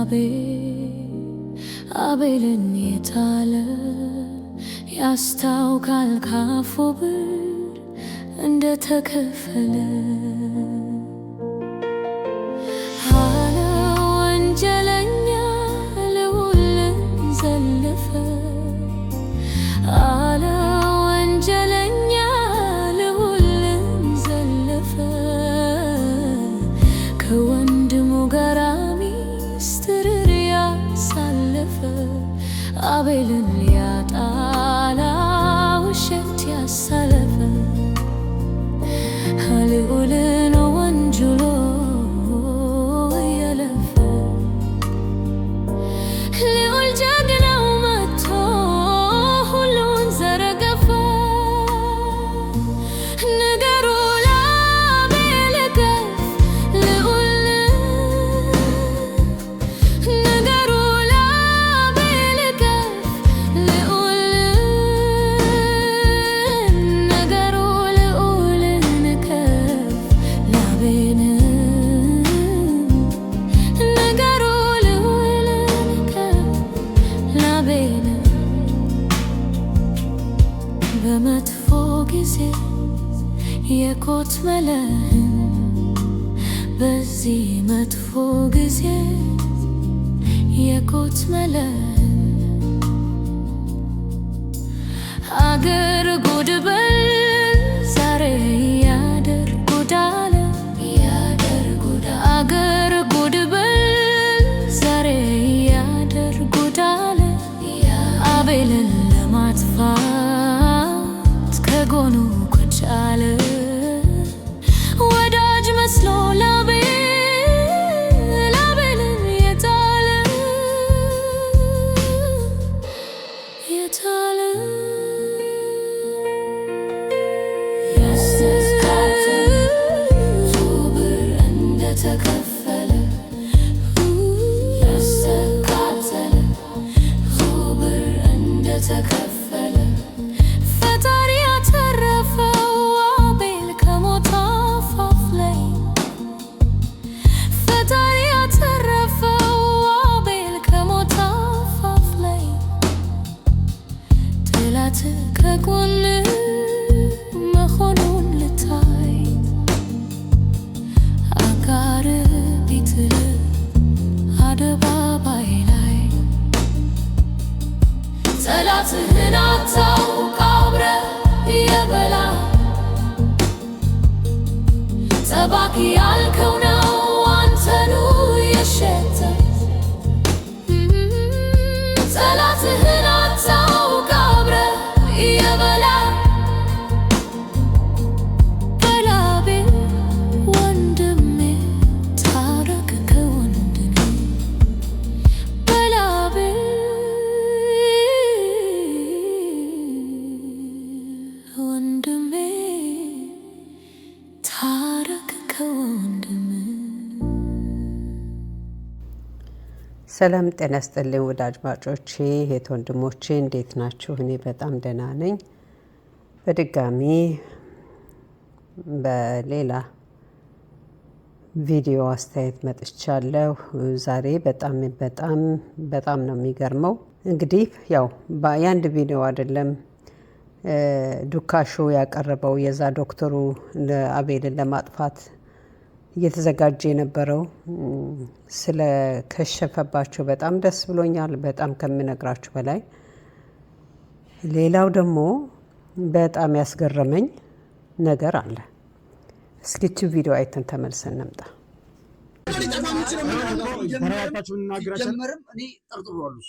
አቤል አቤልን የጣለ ያስታውቃል ካፉ ብር እንደተከፈለ Babylon አቤልን ለማጥፋት ከጎኑ ቁጭ አለ Pakialko ሰላም ጤና ስጥልኝ ውድ አድማጮቼ እህት ወንድሞቼ እንዴት ናችሁ? እኔ በጣም ደህና ነኝ። በድጋሚ በሌላ ቪዲዮ አስተያየት መጥቻለሁ። ዛሬ በጣም በጣም በጣም ነው የሚገርመው። እንግዲህ ያው የአንድ ቪዲዮ አይደለም ዱካሹ ያቀረበው የዛ ዶክተሩ አቤልን ለማጥፋት እየተዘጋጀ የነበረው ስለከሸፈባቸው በጣም ደስ ብሎኛል። በጣም ከምነግራችሁ በላይ ሌላው ደግሞ በጣም ያስገረመኝ ነገር አለ። እስኪች ቪዲዮ አይተን ተመልሰን እንምጣ። ጀመርም እኔ ጠርጥሯሉስ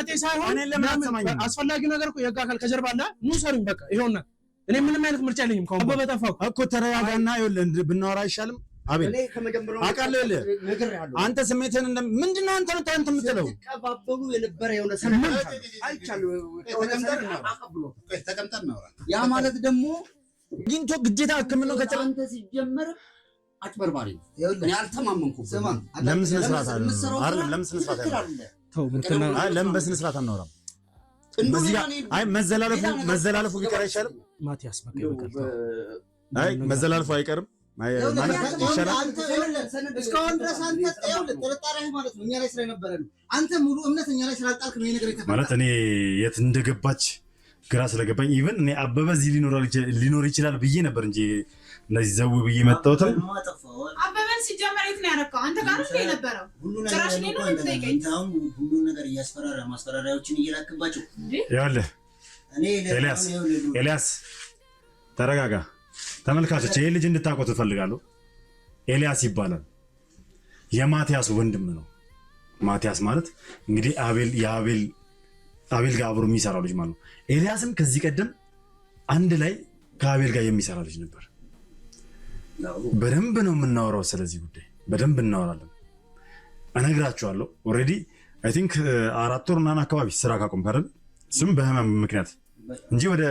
መጤ ሳይሆን አስፈላጊ ነገር እኮ የህግ አካል ከጀርባ አለ። ኑ ሰሩኝ በቃ ነው። እኔ ምንም አይነት ምርጫ የለኝም። ከሆነ አበበ ጠፋሁ እኮ ተረጋጋና፣ ይኸውልህ ብናወራ አይሻልም? አቤል አቃለለ አንተ ስሜትህን እንደ ምንድን ነው አንተ ታንተ የምትለው ሲቀባበሉ የነበረ የሆነ ሰምተህ አይቻልም። ተቀምጠን ነው ያ ማለት ደግሞ ግንቶ ግዴታ ህክምናው ከጨረሰ አንተ ሲጀመር አጭበርባሪ ነው። እኔ አልተማመንኩም። ለምን ስነ ስርዓት አይደለም? ለምን ስነ ስርዓት አይደለም? ለምን በስነ ስርዓት አናወራም? አይ መዘላለፉ መዘላለፉ ቢቀር አይሻልም? ማቲያስ በቃ ይበቃል። አይ መዘላለፉ አይቀርም ማለት ይሻላል። እስካሁን ድረስ አንተ ማለት ነው እኛ ላይ አንተ ሙሉ እምነት እኛ ላይ ነው ማለት እኔ የት እንደገባች ግራ ስለገባኝ ኢቭን እኔ አበበ እዚህ ሊኖር ይችላል ብዬ ነበር እንጂ እንደዚህ ዘው ብዬ መጣሁትም ሲጀመር የት ነው ያረካው? አንተ ጋር ነው የነበረው። ጭራሽ እኔ ነው የምትጠይቀኝ? አሁን ሁሉን ነገር እያስፈራራ ማስፈራሪያዎችን እየላክባቸው ይኸውልህ። ኤልያስ ተረጋጋ። ተመልካቾች ይህ ልጅ እንድታውቁት እፈልጋለሁ። ኤልያስ ይባላል። የማቲያስ ወንድም ነው። ማቲያስ ማለት እንግዲህ አቤል የአቤል አቤል ጋር አብሮ የሚሰራው ልጅ ማለት ነው። ኤልያስም ከዚህ ቀደም አንድ ላይ ከአቤል ጋር የሚሰራ ልጅ ነበር። በደንብ ነው የምናወራው። ስለዚህ ጉዳይ በደንብ እናወራለን፣ እነግራችኋለሁ። ኦልሬዲ አይ ቲንክ አራት ወር ምናምን አካባቢ ስራ ካቆም አይደል? ስም በህመም ምክንያት እንጂ ወደ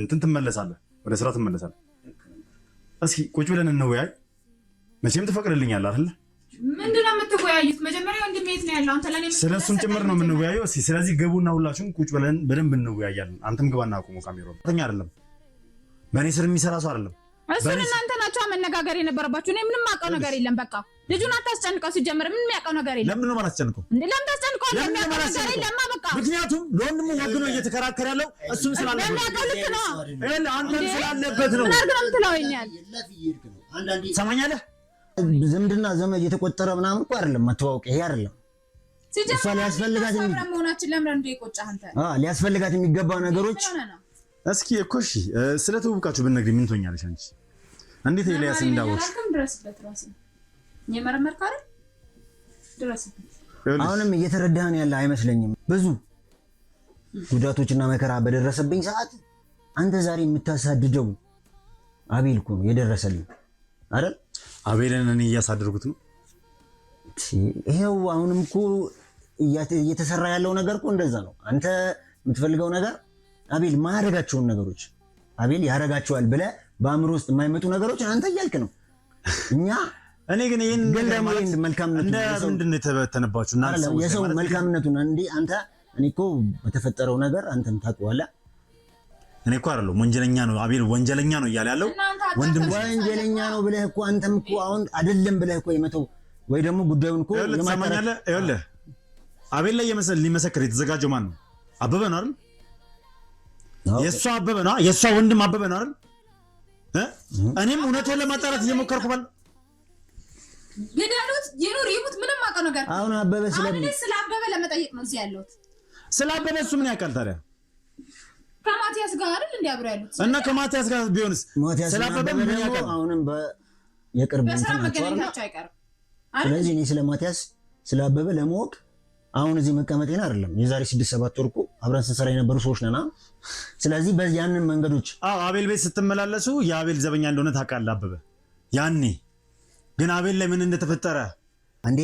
እንትን ትመለሳለህ፣ ወደ ስራ ትመለሳለህ። እስኪ ቁጭ ብለን እንወያይ። መቼም ትፈቅድልኛል አለ ስለ እሱም ጭምር ነው የምንወያየው። እስኪ ስለዚህ ግቡና ሁላችሁም ቁጭ ብለን በደንብ እንወያያለን። አንተም ግባና አቁሙ። ካሜራ ተኛ አይደለም፣ በእኔ ስር የሚሰራ ሰው አይደለም እሱን እናንተ ናቸው መነጋገር የነበረባችሁ። እኔ ምንም አውቀው ነገር የለም። በቃ ልጁን አታስጨንቀው። ሲጀምር ምን የሚያውቀው ነገር የለም። ለምን ነው ለምን ታስጨንቀዋለህ? ምክንያቱም ለወንድሙ ወግኖ እየተከራከረ ያለው እሱም ስላለበት ነው። ስላለበት ነው። ምን ነው ምትለው? ይኛል ሰማኛለህ። ዝምድና ዘመድ እየተቆጠረ ምናምን እኮ አይደለም መተዋወቅ፣ ይሄ አይደለም ሊያስፈልጋት የሚገባ ነገሮች። እስኪ እኮ እሺ፣ ስለ ትውውቃችሁ ብትነግሪኝ ምን ትሆኛለሽ አንቺ? እንዴት ኤልያስ እንዳወቅሽ ድረስበት ድረስበት አሁንም እየተረዳህን ያለ አይመስለኝም ብዙ ጉዳቶችና መከራ በደረሰብኝ ሰዓት አንተ ዛሬ የምታሳድደው አቤል እኮ ነው የደረሰልኝ አይደል አቤልን እኔ እያሳደርኩት ነው ይሄው አሁንም እኮ እየተሰራ ያለው ነገር እኮ እንደዛ ነው አንተ የምትፈልገው ነገር አቤል ማረጋቸውን ነገሮች አቤል ያረጋቸዋል ብለህ በአእምሮ ውስጥ የማይመጡ ነገሮች አንተ እያልክ ነው። እኛ እኔ ግን ይህን ግን ደግሞ ምንድን የተበተነባችሁ የሰው መልካምነቱን እንዲህ አንተ እኔ እኮ በተፈጠረው ነገር አንተም ታውቀዋለህ። እኔ እኮ አይደለሁም ወንጀለኛ ነው አቤል ወንጀለኛ ነው እያለ ያለው ወንድም ወንጀለኛ ነው ብለህ እኮ አንተም እኮ አሁን አይደለም ብለህ እኮ የመተው ወይ ደግሞ ጉዳዩን እኮ ለማጣራት ይኸውልህ አቤል ላይ የመሰል ሊመሰክር የተዘጋጀው ማን ነው? አበበ ነው አይደል? የእሷ አበበ ነው የእሷ ወንድም አበበ ነው አይደል? እኔም እውነቱን ለማጣራት እየሞከርኩ ባል ገዳሉት ይኑር ይሙት ምንም አውቀው ነገር አሁን አበበ ስለ አበበ ለመጠየቅ ነው እዚህ ያለሁት። ስለ አበበ እሱ ምን ያውቃል ታዲያ? ከማቲያስ ጋር አይደል እንዴ አብረው ያሉት? እና ከማቲያስ ጋር ቢሆንስ ስለ አበበ ምን ያውቃል? አሁንም በየቅርብ ስለዚህ እኔ ስለ ማቲያስ ስለ አበበ ለማወቅ አሁን እዚህ መቀመጤን አይደለም የዛሬ ስድስት ሰባት ወር እኮ አብረን ስንሰራ የነበሩ ሰዎች ነና፣ ስለዚህ ያንን መንገዶች አቤል ቤት ስትመላለሱ የአቤል ዘበኛ እንደሆነ ታውቃለህ አበበ። ያኔ ግን አቤል ላይ ምን እንደተፈጠረ አንዴ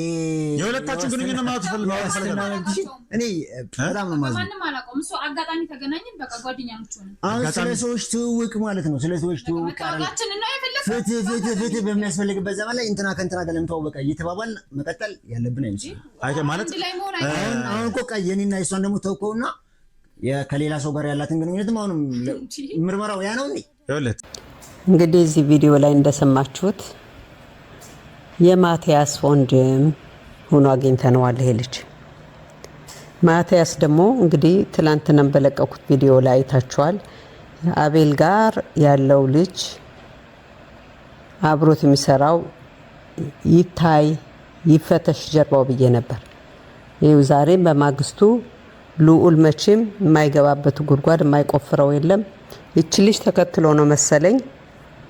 የሁለታችን ግንኙነት ማለት ፈልጋለሁ። እኔ ስለ ሰዎች ትውውቅ ማለት ነው። ስለ ሰዎች ትውውቅ በሚያስፈልግበት ዘመን ላይ እንትና ከእንትና ጋር ለምን እየተባባል መቀጠል ያለብን አይመስልም ማለት አሁን እኮ የኔና የሷን ደግሞ ተውከውና ከሌላ ሰው ጋር ያላትን ግንኙነትም አሁንም ምርመራው ያ ነው። እንግዲህ እዚህ ቪዲዮ ላይ እንደሰማችሁት የማቲያስ ወንድም ሆኖ አግኝተነዋል። ይሄ ልጅ ማቲያስ ደግሞ እንግዲህ ትላንትናም በለቀኩት ቪዲዮ ላይ አይታችኋል። አቤል ጋር ያለው ልጅ አብሮት የሚሰራው ይታይ ይፈተሽ ጀርባው ብዬ ነበር። ይኸው ዛሬም በማግስቱ ልዑል መቼም የማይገባበት ጉድጓድ የማይቆፍረው የለም። ይቺ ልጅ ተከትሎ ነው መሰለኝ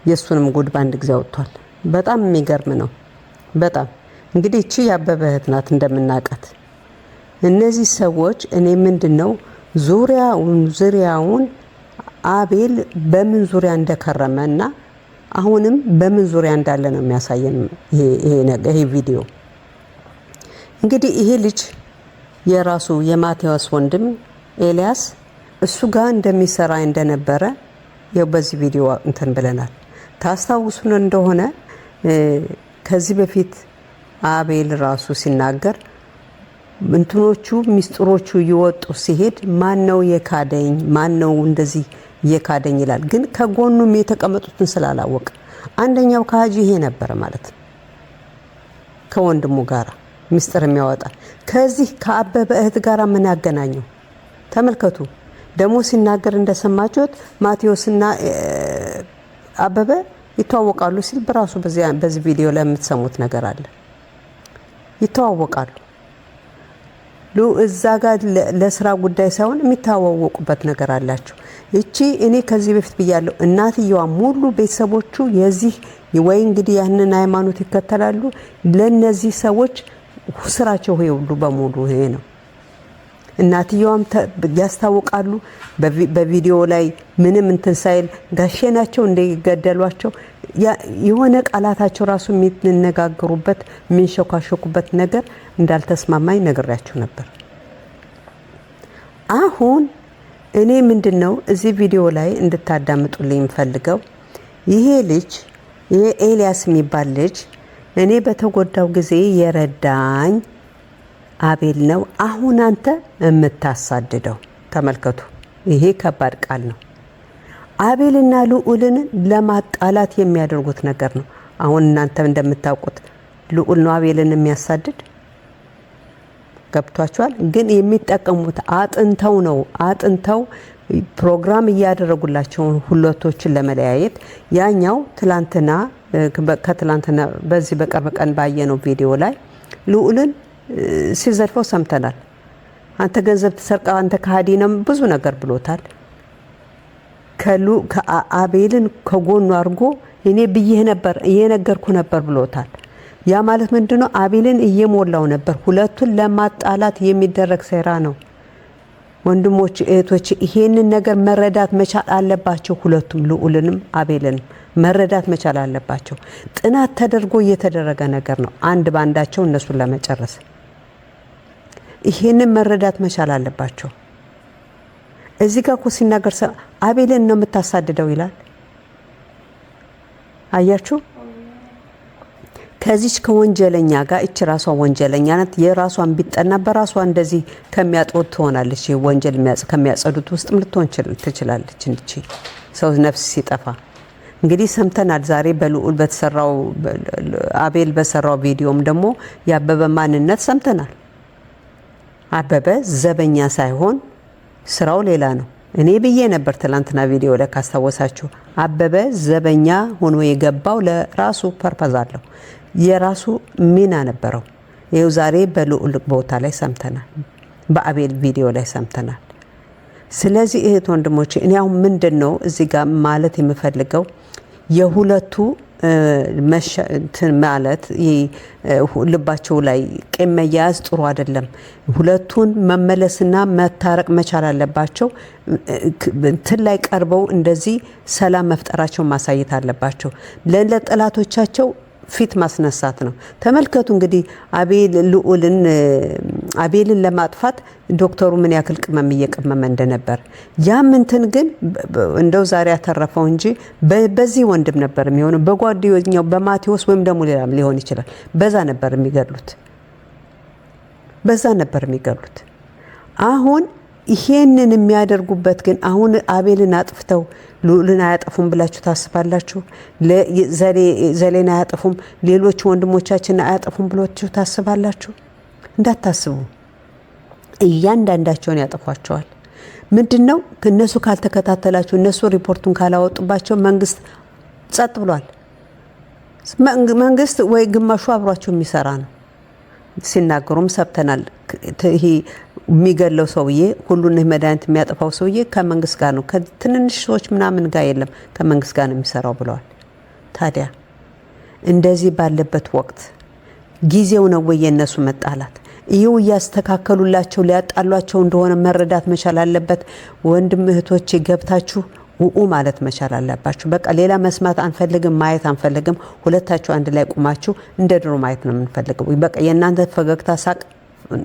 የእሱንም ጉድ በአንድ ጊዜ አውጥቷል። በጣም የሚገርም ነው። በጣም እንግዲህ እቺ ያበበ እህት ናት እንደምናውቃት። እነዚህ ሰዎች እኔ ምንድን ነው ዙሪያውን ዙሪያውን አቤል በምን ዙሪያ እንደከረመ እና አሁንም በምን ዙሪያ እንዳለ ነው የሚያሳየን ይሄ ቪዲዮ እንግዲህ ይሄ ልጅ የራሱ የማቴዎስ ወንድም ኤልያስ እሱ ጋር እንደሚሰራ እንደነበረ በዚህ ቪዲዮ እንትን ብለናል። ታስታውሱን እንደሆነ ከዚህ በፊት አቤል ራሱ ሲናገር እንትኖቹ ሚስጥሮቹ እየወጡ ሲሄድ ማን ነው የካደኝ? ማን ነው እንደዚህ የካደኝ ይላል። ግን ከጎኑም የተቀመጡትን ስላላወቀ አንደኛው ከሀጂ ይሄ ነበረ ማለት ነው ከወንድሙ ጋራ ሚስጥር የሚያወጣ ከዚህ ከአበበ እህት ጋር ምን ያገናኘው? ተመልከቱ። ደግሞ ሲናገር እንደሰማችሁት ማቴዎስና አበበ ይተዋወቃሉ ሲል በራሱ በዚህ ቪዲዮ ላይ የምትሰሙት ነገር አለ። ይተዋወቃሉ። እዛ ጋር ለስራ ጉዳይ ሳይሆን የሚተዋወቁበት ነገር አላቸው። እቺ እኔ ከዚህ በፊት ብያለሁ። እናትየዋ ሙሉ ቤተሰቦቹ የዚህ ወይ እንግዲህ ያንን ሃይማኖት ይከተላሉ ለእነዚህ ሰዎች ስራቸው ይሄ ሁሉ በሙሉ ይሄ ነው። እናትየዋም ያስታውቃሉ። በቪዲዮ ላይ ምንም እንትን ሳይል ጋሼ ናቸው እንደገደሏቸው የሆነ ቃላታቸው ራሱ የሚነጋገሩበት የሚንሸኳሸኩበት ነገር እንዳልተስማማኝ ነግሬያችሁ ነበር። አሁን እኔ ምንድን ነው እዚህ ቪዲዮ ላይ እንድታዳምጡልኝ የምፈልገው ይሄ ልጅ ይሄ ኤልያስ የሚባል ልጅ እኔ በተጎዳው ጊዜ የረዳኝ አቤል ነው። አሁን አንተ የምታሳድደው ተመልከቱ። ይሄ ከባድ ቃል ነው። አቤልና ልዑልን ለማጣላት የሚያደርጉት ነገር ነው። አሁን እናንተ እንደምታውቁት ልዑል ነው አቤልን የሚያሳድድ ገብቷቸዋል። ግን የሚጠቀሙት አጥንተው ነው አጥንተው ፕሮግራም እያደረጉላቸውን ሁለቶችን ለመለያየት ያኛው ትላንትና ከትላንትና በዚህ በቅርብ ቀን ባየነው ቪዲዮ ላይ ልዑልን ሲዘልፈው ሰምተናል። አንተ ገንዘብ ትሰርቃ፣ አንተ ከሃዲ ነው ብዙ ነገር ብሎታል። አቤልን ከጎኑ አድርጎ እኔ ብዬህ ነበር እየነገርኩ ነበር ብሎታል። ያ ማለት ምንድን ነው? አቤልን እየሞላው ነበር። ሁለቱን ለማጣላት የሚደረግ ሴራ ነው። ወንድሞች እህቶች፣ ይሄንን ነገር መረዳት መቻል አለባቸው። ሁለቱም ልዑልንም አቤልንም መረዳት መቻል አለባቸው። ጥናት ተደርጎ እየተደረገ ነገር ነው። አንድ በአንዳቸው እነሱን ለመጨረስ ይሄንን መረዳት መቻል አለባቸው። እዚህ ጋር እኮ ሲናገር አቤልን ነው የምታሳድደው ይላል። አያችሁ፣ ከዚች ከወንጀለኛ ጋር እች ራሷ ወንጀለኛ ናት። የራሷን ቢጠና በራሷ እንደዚህ ከሚያጥሩት ትሆናለች። ወንጀል ከሚያጸዱት ውስጥ ልትሆን ትችላለች። እንድች ሰው ነፍስ ሲጠፋ እንግዲህ ሰምተናል። ዛሬ በልዑል በተሰራው አቤል በሰራው ቪዲዮም ደግሞ የአበበ ማንነት ሰምተናል። አበበ ዘበኛ ሳይሆን ስራው ሌላ ነው። እኔ ብዬ ነበር ትላንትና ቪዲዮ ላይ ካስታወሳችሁ፣ አበበ ዘበኛ ሆኖ የገባው ለራሱ ፐርፐዝ አለው፣ የራሱ ሚና ነበረው። ይኸው ዛሬ በልዑል ቦታ ላይ ሰምተናል፣ በአቤል ቪዲዮ ላይ ሰምተናል። ስለዚህ እህት ወንድሞቼ እኔ አሁን ምንድን ነው እዚህ ጋር ማለት የምፈልገው የሁለቱ መሸትን ማለት ልባቸው ላይ ቂም መያያዝ ጥሩ አይደለም። ሁለቱን መመለስና መታረቅ መቻል አለባቸው። እንትን ላይ ቀርበው እንደዚህ ሰላም መፍጠራቸው ማሳየት አለባቸው ለጠላቶቻቸው ፊት ማስነሳት ነው። ተመልከቱ እንግዲህ አቤል ልዑልን አቤልን ለማጥፋት ዶክተሩ ምን ያክል ቅመም እየቀመመ እንደነበር ያም እንትን ግን እንደው ዛሬ ያተረፈው እንጂ በዚህ ወንድም ነበር የሚሆነው በጓደኛው በማቴዎስ ወይም ደግሞ ሌላም ሊሆን ይችላል። በዛ ነበር የሚገሉት፣ በዛ ነበር የሚገሉት አሁን ይሄንን የሚያደርጉበት ግን አሁን አቤልን አጥፍተው ልዑልን አያጠፉም ብላችሁ ታስባላችሁ? ዘሌን አያጠፉም፣ ሌሎች ወንድሞቻችን አያጠፉም ብላችሁ ታስባላችሁ? እንዳታስቡ። እያንዳንዳቸውን ያጠፏቸዋል። ምንድን ነው እነሱ ካልተከታተላችሁ፣ እነሱ ሪፖርቱን ካላወጡባቸው መንግስት ጸጥ ብሏል። መንግስት ወይ ግማሹ አብሯቸው የሚሰራ ነው። ሲናገሩም ሰብተናል። የሚገለው ሰውዬ ሁሉን መድኃኒት የሚያጠፋው ሰውዬ ከመንግስት ጋር ነው፣ ከትንንሽ ሰዎች ምናምን ጋር የለም፣ ከመንግስት ጋር ነው የሚሰራው ብለዋል። ታዲያ እንደዚህ ባለበት ወቅት ጊዜው ነው ወይ የእነሱ መጣላት? ይኸው እያስተካከሉላቸው ሊያጣሏቸው እንደሆነ መረዳት መቻል አለበት። ወንድም እህቶች ገብታችሁ ውኡ ማለት መቻል አለባችሁ። በቃ ሌላ መስማት አንፈልግም፣ ማየት አንፈልግም። ሁለታችሁ አንድ ላይ ቁማችሁ እንደ ድሮ ማየት ነው የምንፈልገው። በቃ የእናንተ ፈገግታ ሳቅ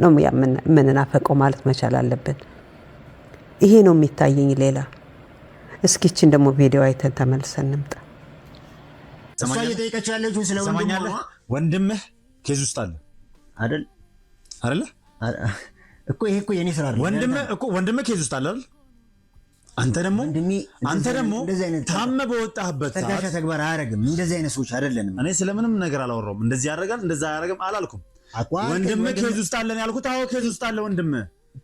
ነው የምንናፈቀው ማለት መቻል አለብን። ይሄ ነው የሚታየኝ። ሌላ እስኪችን ደግሞ ቪዲዮ አይተን ተመልሰን እንምጣ። እሷ ያለችው ስለ ወንድምህ ኬዝ ውስጥ አለ አይደል? አይደለ እኮ ይሄ እኮ የኔ ስራ ወንድምህ እኮ ወንድምህ ኬዝ ውስጥ አለ አይደል? አንተ ደግሞ አንተ ደግሞ ታመ በወጣህበት ተጋሻ ተግባር አያደርግም። እንደዚህ አይነት ሰዎች አይደለንም። እኔ ስለምንም ነገር አላወራውም። እንደዚህ ያደርጋል እንደዛ አያደርግም አላልኩም። ወንድም ኬዝ ውስጥ አለን ያልኩት። አዎ ኬዝ ውስጥ አለ ወንድም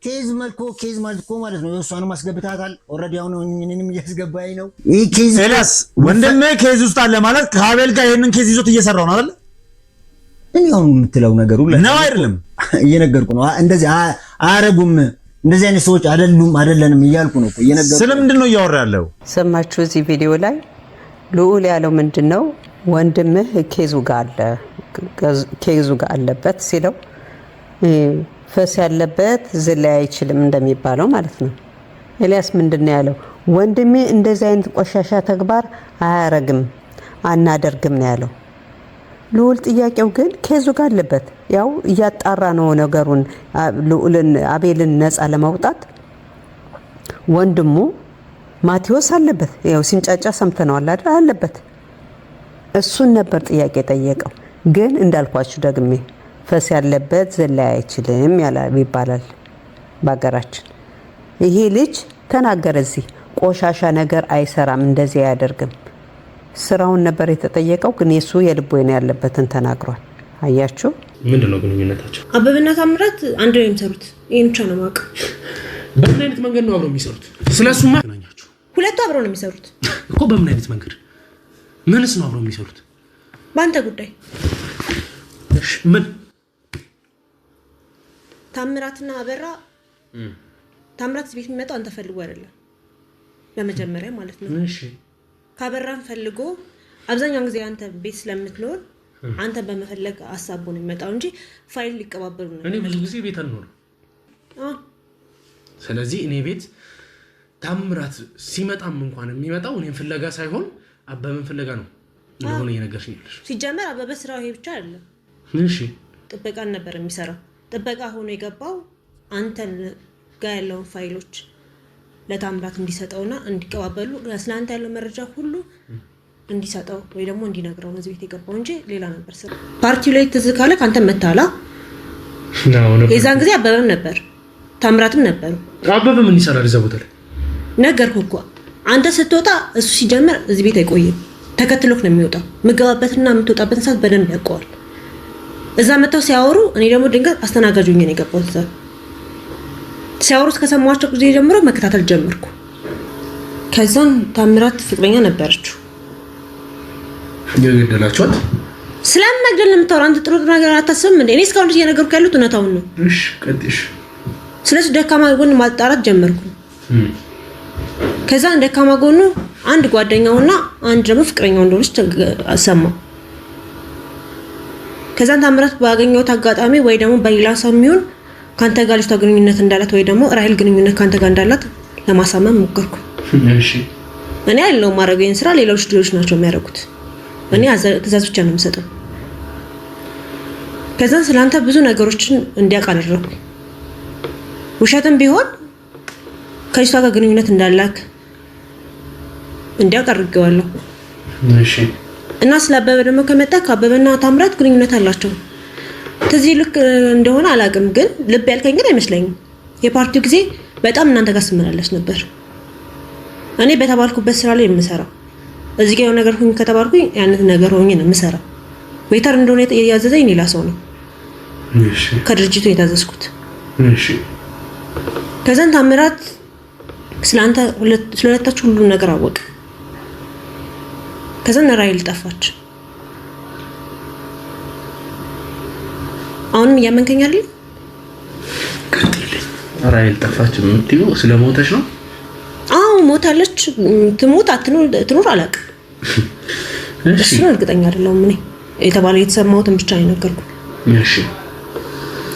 ኬዝ መልኮ ኬዝ መልኮ ማለት ነው። እሷንም አስገብታታል ኦልሬዲ። አሁን እኔንም እያስገባኝ ነው። ኤልያስ ወንድም ኬዝ ውስጥ አለ ማለት ከአቤል ጋር ይህንን ኬዝ ይዞት እየሰራው ነው አይደል? እኔ አሁን የምትለው ነገር ነገሩ ነው አይደለም። እየነገርኩ ነው። እንደዚህ አያረጉም እንደዚህ አይነት ሰዎች አይደሉም፣ አይደለንም እያልኩ ነው። ስለምንድን ነው እያወራ ያለው? ሰማችሁ? እዚህ ቪዲዮ ላይ ልዑል ያለው ምንድን ነው? ወንድምህ ኬዙ ጋር አለ ኬዙ ጋር አለበት ሲለው ፈስ ያለበት ዝላይ አይችልም እንደሚባለው ማለት ነው። ኤልያስ ምንድን ነው ያለው? ወንድሜ እንደዚህ አይነት ቆሻሻ ተግባር አያረግም አናደርግም ነው ያለው። ልዑል ጥያቄው ግን ኬዙ ጋር አለበት። ያው እያጣራ ነው ነገሩን። ልዑልን አቤልን ነፃ ለማውጣት ወንድሙ ማቴዎስ አለበት። ያው ሲንጫጫ ሰምተነዋል አይደል? አለበት እሱን ነበር ጥያቄ የጠየቀው። ግን እንዳልኳችሁ ደግሜ ፈስ ያለበት ዘላይ አይችልም ይባላል በሀገራችን። ይሄ ልጅ ተናገረ እዚህ ቆሻሻ ነገር አይሰራም፣ እንደዚህ አያደርግም። ስራውን ነበር የተጠየቀው፣ ግን የሱ የልብ ወይን ያለበትን ተናግሯል። አያችሁ፣ ምንድን ነው ግንኙነታቸው? አበብና ታምራት አንድ ነው የሚሰሩት። ይህን ብቻ ነው የማውቀው። በምን አይነት መንገድ ነው አብረው የሚሰሩት? ስለሱማ ሁለቱ አብረው ነው የሚሰሩት እኮ በምን አይነት መንገድ ምንስ ነው አብረው የሚሰሩት? በአንተ ጉዳይ ምን ታምራትና አበራ ታምራት ቤት የሚመጣው አንተ ፈልጎ አይደለም፣ ለመጀመሪያ ማለት ነው። ካበራን ፈልጎ አብዛኛውን ጊዜ አንተ ቤት ስለምትኖር አንተ በመፈለግ ሀሳቡ ነው የሚመጣው እንጂ ፋይል ሊቀባበሉ ነው። እኔ ብዙ ጊዜ ቤት አልኖርም። ስለዚህ እኔ ቤት ታምራት ሲመጣም እንኳን የሚመጣው እኔም ፍለጋ ሳይሆን አበበን ፍለጋ ነው እንደሆነ እየነገርሽኝ ያለሽ። ሲጀመር አበበ ስራው ይሄ ብቻ አይደለም። እሺ ጥበቃን ነበር የሚሰራው። ጥበቃ ሆኖ የገባው አንተን ጋ ያለውን ፋይሎች ለታምራት እንዲሰጠውና እንዲቀባበሉ ስለአንተ ያለው መረጃ ሁሉ እንዲሰጠው ወይ ደግሞ እንዲነግረው እዚህ ቤት የገባው እንጂ ሌላ ነበር ስራ። ፓርቲው ላይ ትዝ ካለ ከአንተ መታላ የዛን ጊዜ አበበም ነበር ታምራትም ነበሩ። አበበ ምን ይሰራል እዛ ቦታ ላይ ነገርኩህ እኮ አንተ ስትወጣ እሱ ሲጀምር እዚህ ቤት አይቆይም፣ ተከትሎክ ነው የሚወጣው። የምገባበትና የምትወጣበትን ሰዓት በደንብ ያውቀዋል። እዛ መጥተው ሲያወሩ እኔ ደግሞ ድንገት አስተናጋጁኝ ነው የገባሁት። እዛ ሲያወሩ ከሰማኋቸው ጊዜ ጀምሮ መከታተል ጀመርኩ። ከዛም ታምራት ፍቅረኛ ነበረችው። ገደላችኋት? ስለመግደል መግደል የምታወራው አንተ። ጥሩ ጥሩ ነገር አታስብም እንዴ? እኔ እስካሁን ልጅ እየነገርኩ ያሉት እውነታውን ነው። እሺ፣ ቀጥሽ። ስለዚህ ደካማ ጎን ማጣራት ጀመርኩ። ከዛ ደካማ ጎኑ አንድ ጓደኛውና አንድ ደግሞ ፍቅረኛው እንደሆነች ሰማሁ። ከዛን ታምራት ባገኘሁት አጋጣሚ ወይ ደግሞ በሌላ ሰው የሚሆን ካንተ ጋር ልጅቷ ግንኙነት እንዳላት ወይ ደግሞ ራሄል ግንኙነት ካንተ ጋር እንዳላት ለማሳመን ሞከርኩ። እኔ ያለው ማድረግ ይህን ስራ ሌሎች ልጆች ናቸው የሚያደርጉት። እኔ ትእዛዝ ብቻ ነው የምሰጠው። ከዛን ስለአንተ ብዙ ነገሮችን እንዲያውቅ አደረግኩ። ውሸትም ቢሆን ከልጅቷ ጋር ግንኙነት እንዳላክ እንዲያው እሺ እና ስለ አበበ ደግሞ ከመጣ ከአበበና ታምራት ግንኙነት አላቸው። ትዚህ ልክ እንደሆነ አላውቅም፣ ግን ልብ ያልከኝ ግን አይመስለኝም። የፓርቲው ጊዜ በጣም እናንተ ጋር ስመላለስ ነበር። እኔ በተባልኩበት ስራ ላይ የምሰራው እዚህ ጋር የሆነ ነገር ሁኝ ከተባልኩኝ ያንን ነገር ሆኜ ነው የምሰራው። ዌይተር እንደሆነ ያዘዘኝ ሌላ ሰው ነው ከድርጅቱ የታዘዝኩት። ከዛን ታምራት ስለአንተ ስለሁለታችሁ ሁሉ ነገር አወቀ። ከዛን ራይል ጠፋች። አሁንም እያመንከኝ አይደል? ራይል ጠፋች የምትይው ስለሞተች ነው? አዎ ሞታለች። ትሞት ትኑር አላውቅም። እሱን እርግጠኛ አይደለሁም እኔ የተባለ የተሰማሁትን ብቻ ነው የነገርኩህ። እሺ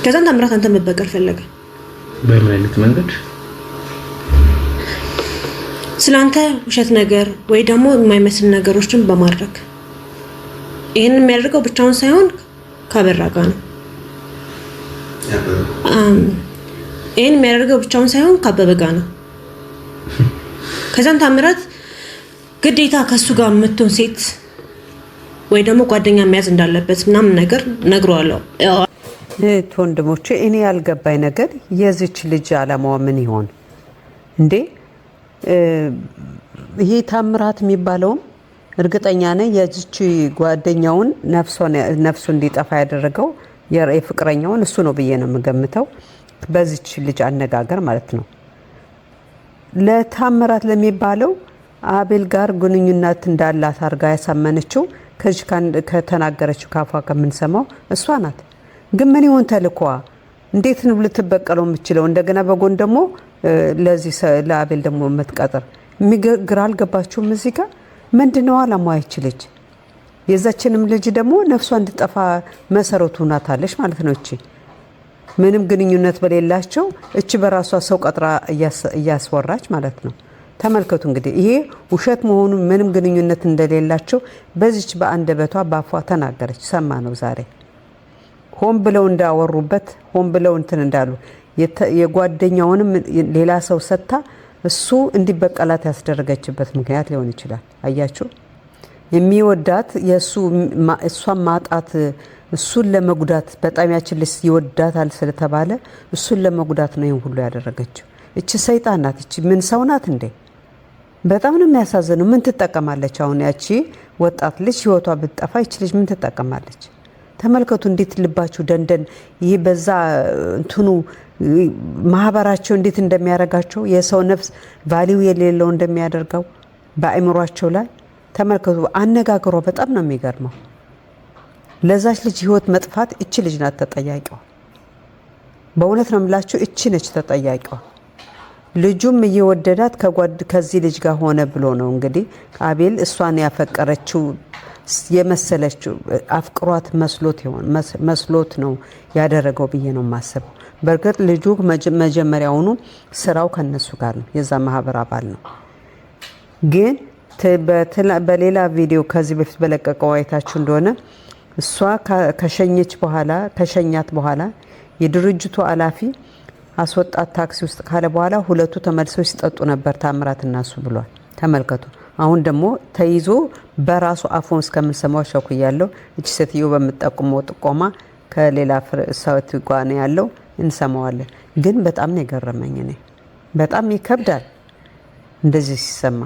ከዛን ታምራት አንተ መበቀል ፈለገ። በምን አይነት መንገድ? ስላንተ ውሸት ነገር ወይ ደግሞ የማይመስል ነገሮችን በማድረግ ይህን የሚያደርገው ብቻውን ሳይሆን ከበራ ጋር ነው። ይህን የሚያደርገው ብቻውን ሳይሆን ከአበበ ጋር ነው። ከዛን ታምራት ግዴታ ከእሱ ጋር የምትሆን ሴት ወይ ደግሞ ጓደኛ መያዝ እንዳለበት ምናምን ነገር ነግሯለሁ። እህት ወንድሞቼ፣ እኔ ያልገባኝ ነገር የዚች ልጅ አላማዋ ምን ይሆን እንዴ? ይሄ ታምራት የሚባለውም እርግጠኛ ነኝ የዚች ጓደኛውን ነፍሱ እንዲጠፋ ያደረገው የፍቅረኛውን እሱ ነው ብዬ ነው የምገምተው፣ በዚች ልጅ አነጋገር ማለት ነው። ለታምራት ለሚባለው አቤል ጋር ግንኙነት እንዳላት አድርጋ ያሳመነችው ከዚህ ከተናገረችው ካፏ ከምንሰማው እሷ ናት። ግን ምን ይሆን ተልኳ እንዴት ነው ልትበቀለው የምችለው? እንደገና በጎን ደግሞ ለዚህ ለአቤል ደግሞ የምትቀጥር ግራ አልገባችሁም? እዚህ ጋር ምንድነው አላማ ይችልች የዛችንም ልጅ ደግሞ ነፍሷ እንድጠፋ መሰረቱ ናታለች ማለት ነው። እቺ ምንም ግንኙነት በሌላቸው እቺ በራሷ ሰው ቀጥራ እያስወራች ማለት ነው። ተመልከቱ እንግዲህ ይሄ ውሸት መሆኑን ምንም ግንኙነት እንደሌላቸው በዚች በአንደበቷ በአፏ ተናገረች። ሰማ ነው ዛሬ ሆን ብለው እንዳወሩበት ሆን ብለው እንትን እንዳሉ የጓደኛውንም ሌላ ሰው ሰጥታ እሱ እንዲበቀላት ያስደረገችበት ምክንያት ሊሆን ይችላል። አያችሁ፣ የሚወዳት እሷን ማጣት እሱን ለመጉዳት በጣም ያችን ልጅ ይወዳታል ስለተባለ እሱን ለመጉዳት ነው ይህን ሁሉ ያደረገችው። እቺ ሰይጣን ናት። እች ምን ሰው ናት እንዴ? በጣም ነው የሚያሳዝነው። ምን ትጠቀማለች አሁን ያቺ ወጣት ልጅ ህይወቷ ብትጠፋ፣ ይች ልጅ ምን ትጠቀማለች? ተመልከቱ እንዴት ልባችሁ ደንደን ይህ በዛ እንትኑ ማህበራቸው እንዴት እንደሚያደርጋቸው የሰው ነፍስ ቫሊው የሌለው እንደሚያደርገው በአእምሯቸው ላይ ተመልከቱ። አነጋገሯ በጣም ነው የሚገርመው። ለዛች ልጅ ህይወት መጥፋት እች ልጅ ናት ተጠያቂዋ። በእውነት ነው የምላችሁ፣ እቺ ነች ተጠያቂዋ። ልጁም እየወደዳት ከጓድ ከዚህ ልጅ ጋር ሆነ ብሎ ነው እንግዲህ አቤል እሷን ያፈቀረችው የመሰለችው አፍቅሯት መስሎት ይሆን መስሎት ነው ያደረገው ብዬ ነው የማስበው። በእርግጥ ልጁ መጀመሪያውኑ ስራው ከነሱ ጋር ነው፣ የዛ ማህበር አባል ነው። ግን በሌላ ቪዲዮ ከዚህ በፊት በለቀቀው አይታችሁ እንደሆነ እሷ ከሸኘች በኋላ ከሸኛት በኋላ የድርጅቱ ኃላፊ አስወጣት ታክሲ ውስጥ ካለ በኋላ ሁለቱ ተመልሰው ሲጠጡ ነበር ታምራት እናሱ ብሏል። ተመልከቱ። አሁን ደግሞ ተይዞ በራሱ አፎን እስከምንሰማው ሸኩያለሁ። እቺ ሴትዮ በምጠቁመው ጥቆማ ከሌላ ሰት ጓነ ያለው እንሰማዋለን። ግን በጣም ነው የገረመኝ እኔ በጣም ይከብዳል እንደዚህ ሲሰማ።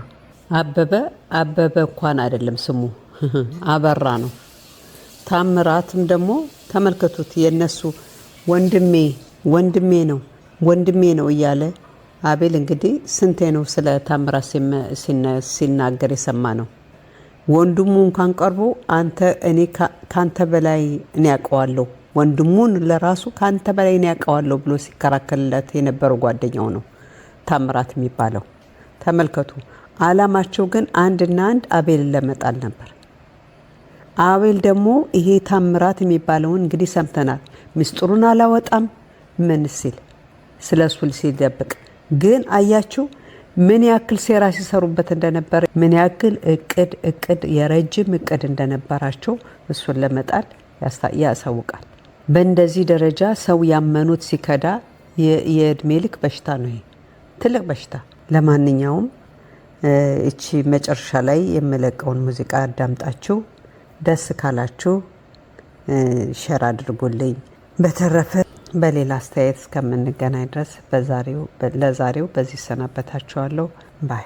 አበበ አበበ እንኳን አይደለም ስሙ አበራ ነው። ታምራትም ደግሞ ተመልከቱት የነሱ ወንድሜ ወንድሜ ነው ወንድሜ ነው እያለ አቤል እንግዲህ ስንቴ ነው ስለ ታምራት ሲናገር የሰማ ነው። ወንድሙ እንኳን ቀርቦ አንተ እኔ ከአንተ በላይ እኔ ያውቀዋለሁ ወንድሙን ለራሱ ከአንተ በላይ እኔ ያውቀዋለሁ ብሎ ሲከራከልለት የነበረው ጓደኛው ነው ታምራት የሚባለው። ተመልከቱ። አላማቸው ግን አንድና አንድ አቤልን ለመጣል ነበር። አቤል ደግሞ ይሄ ታምራት የሚባለውን እንግዲህ ሰምተናል፣ ምስጢሩን አላወጣም ምን ሲል ስለ እሱ ሲደብቅ ግን አያችሁ ምን ያክል ሴራ ሲሰሩበት እንደነበረ ምን ያክል እቅድ እቅድ የረጅም እቅድ እንደነበራቸው እሱን ለመጣል ያሳውቃል። በእንደዚህ ደረጃ ሰው ያመኑት ሲከዳ የእድሜ ልክ በሽታ ነው። ትልቅ በሽታ። ለማንኛውም እቺ መጨረሻ ላይ የምለቀውን ሙዚቃ አዳምጣችሁ ደስ ካላችሁ ሸር አድርጉልኝ። በተረፈ በሌላ አስተያየት እስከምንገናኝ ድረስ ለዛሬው በዚህ እሰናበታችኋለሁ። ባይ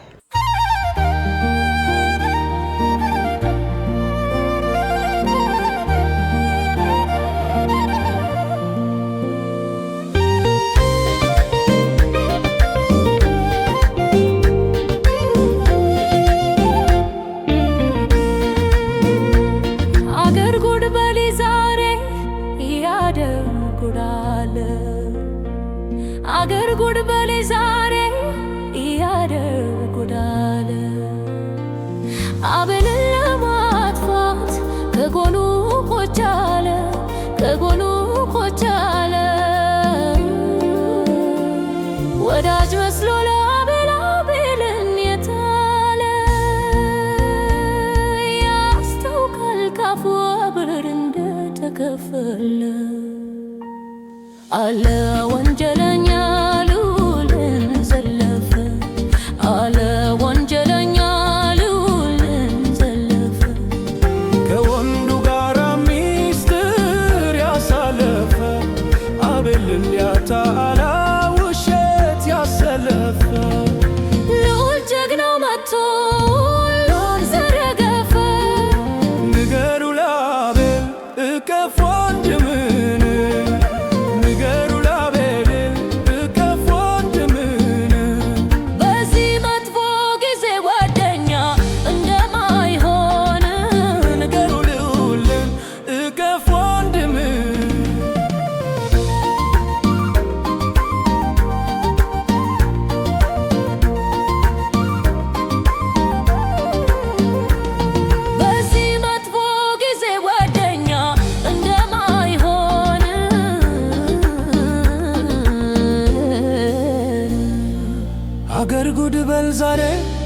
el zaré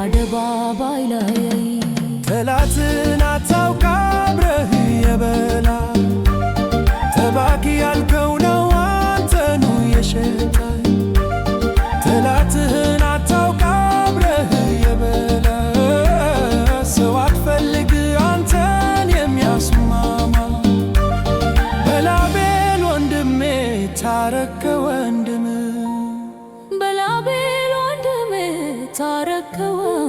አደባባይ ላይ ጠላትን አታውቃ አብረህ የበላ go on.